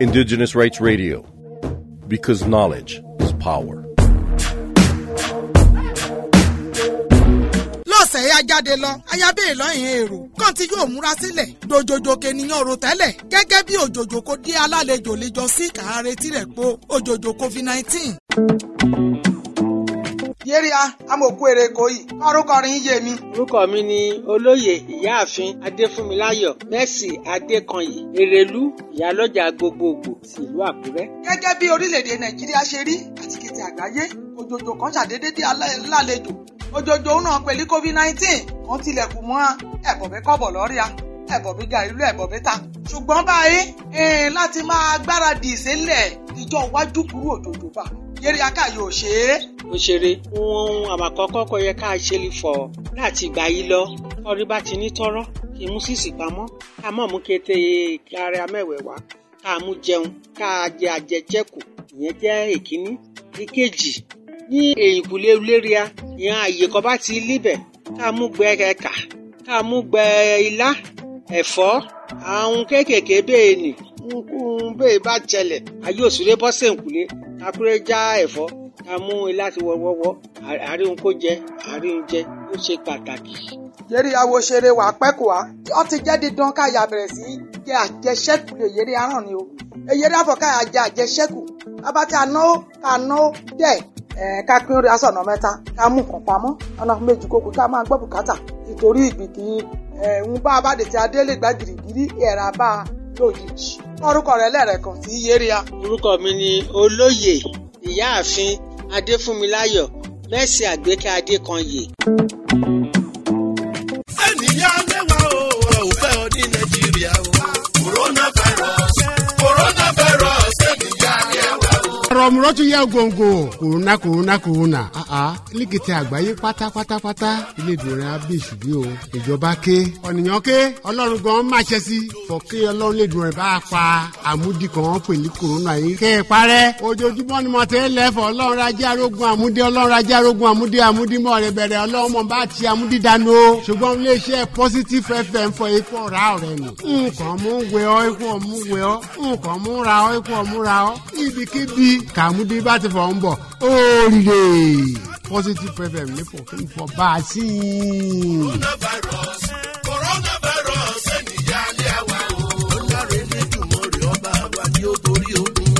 Indigenous Rights Radio, because knowledge is power. yá jáde lọ ayábẹ́ èrò kan tí yóò múra sílẹ̀ dòjòjò kènìyàn rò tẹ́lẹ̀ gẹ́gẹ́ bí òjòjò kò dé alálejò lè jọ sí òjòjò covid nineteen. yéríà amòkúere kòyí kọrúkọrin yèmí. orúkọ mi ni olóyè ìyáàfin adéfúnmiláyọ̀ mercy adékanyì èrèlú ìyálọ́jà gbogbogbò tìlú àkúrẹ́. gẹ́gẹ́ bí orílẹ̀-èdè nàìjíríà ṣe rí àtikìtì àgbáyé òjòjò kan ṣàdédé dé alálejò òjòjò náà pẹ̀lú covid nineteen kan tilẹ̀kùn mọ́ ẹ̀bọ̀bẹ́ kọ́bọ̀ lọ́ríà ẹ̀bọ̀bí ga ìlú ẹ̀bọ̀bí ta ṣùgbọ́n báyìí láti máa gbáradì ìṣẹ̀lẹ̀ ìjọ iwájú kúrú òjòjò bá eré akáyò ṣe é. òṣèré ohun àmàkọ́kọ́ kò yẹ ká ṣe lè fọ̀ láti ìgbà yìí lọ ọrí bá ti ní tọ́rọ́ kì í mú sísì pamọ́ ká mọ̀ mú kété kárí amẹ́wẹ̀wá ká mú jẹun ká jẹ àjẹjẹkù ìyẹn jẹ́ èkíní ìkejì ní èyìnkùlé léria ìyẹn àyè kan bá ti líbẹ̀ ká mú gbẹ ẹ̀ka ká mú gbẹ ilá ẹ̀fọ́ àwọn kéékèèké bẹ́ẹ̀ nì ń bẹ́ẹ̀ bá jẹlẹ̀ ayé òṣèré bọ́ sẹ̀ǹkùlé akúrẹ́ já ẹ̀fọ́ ká mú e láti wọ́wọ́wọ́ àárín kó jẹ àárín jẹ ó ṣe pàtàkì. yẹ́rì àwòṣeré wà pẹ́kù wá ó ti jẹ́ dídán káyà bẹ̀rẹ̀ sí jẹ àjẹṣẹ́kù lè yẹ́rì aràn ni o èyẹ́rì àfọ̀ káyà jẹ àjẹṣẹ́kù bàbá tí a náwó ká náwó dẹ̀ ká pín orí aṣọ mẹ́ta ká mú nǹkan pamọ́ ọ̀nà méjì kókó ká máa gbọ́ bùkátà nítorí ìgbìkì ẹ̀hún bá a bá dètè adélè gbàgìrìgìrì ẹ̀rà bá a lójijì. orúkọ rẹ lẹ́rẹ̀kan sí yéríà. orúkọ mi ni olóyè ìyáàfin adéfúnmiláyọ̀ mẹ́sì àgbékẹ́ adékanyè. amúrọ́tú yẹ gbòǹgbò kòrónà kòrónà kòrónà líkìtì ah, ah. àgbáyé pátápátápátá ilé ìdùnnà bí ìṣubú o ìjọba ké ọ̀nìyàn ké ọlọ́run gan máa sí ọlọ́run a pa pẹ̀lú kòrónà yìí kẹ́ ẹ parẹ́ ojoojúmọ́ ni mo ti ń lẹ́fọ̀ ọlọ́run arógun ọlọ́run arógun rẹ̀ bẹ̀rẹ̀ ọlọ́run mọ̀ bá ti dànù o ṣùgbọ́n ilé iṣẹ́ positive fm fọ ikú ọ̀rá ọ̀rẹ́ nù nǹkan mú ọ́ ikú ọ́ nǹkan mú ra ọ́ ikú ra àmúdí bá ti fọ̀ ń bọ̀ oríire positive preference ní fọ̀ kí n fọ̀ bá a sí i. coronavirus coronavirus ènìyàn alẹ́ àwa o. ó dáre ní jùmọ̀ rẹ̀ ọba àwa ni ó borí ogun.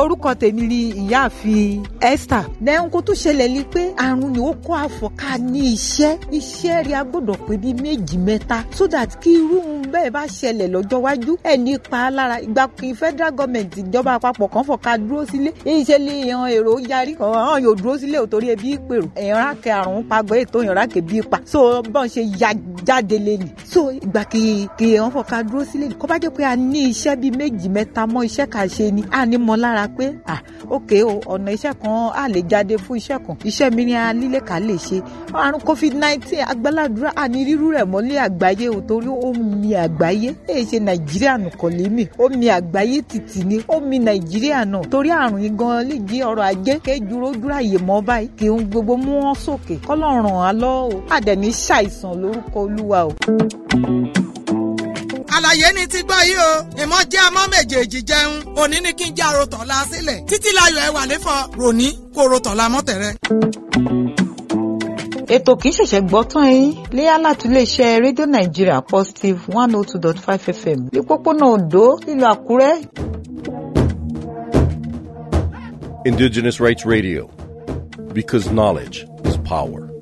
orúkọ tèmi ni ìyáàfin Esther. nẹ́ẹ̀kú tó ṣẹlẹ̀ ni pé àrùn ni ó kó àfọ̀ká ní iṣẹ́ iṣẹ́ rí a gbọ́dọ̀ pé bíi méjì mẹ́ta so that kí irú bẹ́ẹ̀ bá ṣẹlẹ̀ lọ́jọ́ wájú ẹ̀ nípa lára ìgbà kí federal government ìjọba àpapọ̀ kan fọ̀ká dúró sílé iṣẹ́ lè yan èrò yarí kan hàn yóò dúró sílé ò torí ẹbí pèrò ìran kẹ àrùn pagbọ́ ètò ìran kẹ bí pa so bọ́n ṣe ya jáde lé ni so ìgbà kí kí wọ́n fọ̀ká dúró sílé kọ́ bá jẹ́ pé a ní iṣẹ́ bíi méjì mẹ́ta mọ́ iṣẹ́ kà ṣe ni a ní mọ lára pé ah ok ọ̀nà iṣẹ́ kan a lè jáde fún iṣẹ́ kan iṣẹ́ mi òmìnira lílẹ̀ka lè ṣe àrùn covid-19 agbáládùúrà àní rírú rẹ̀ mọ́lẹ̀ àgbáyé ò torí ó àgbáyé èyí ṣe nàìjíríà nìkan lémi ó àgbáyé tìtì ni ó nàìjíríà náà torí àrùn yìí gan lè jí ọrọ̀ ajé kéjúró dúrà mọ́ báyìí kí n gbogbo mú wọn sókè kọ́lọ́run àlọ́ o àdẹ̀ní ṣàìsàn lórúkọ olúwa o àlàyé ni ti gbọ́ yìí o ìmọ̀ jẹ́ ọmọ méjèèjì jẹun òní ni kí n já rotọ̀ la sílẹ̀ títí láyọ̀ ẹ̀ wà lẹ́fọ̀ ròní kó rotọ̀ la mọ́tẹ̀rẹ̀ ètò kìí ṣẹ̀ṣẹ̀ gbọ́ tán yín léyà láti iléeṣẹ́ rédíò nàìjíríà positive one oh two dot five fm ní pópónà ondo nílùú àkúrẹ́. Indigenous Rights Radio because knowledge is power.